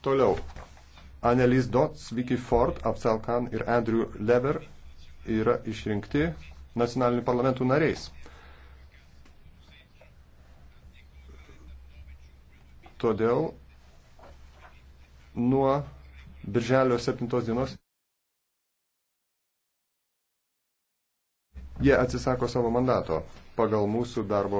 Toliau. Annelies Dots, Vicky Ford, Apsal Khan ir Andrew Lever yra išrinkti nacionalinių parlamentų nariais. Todėl nuo birželio 7 dienos jie atsisako savo mandato pagal mūsų darbo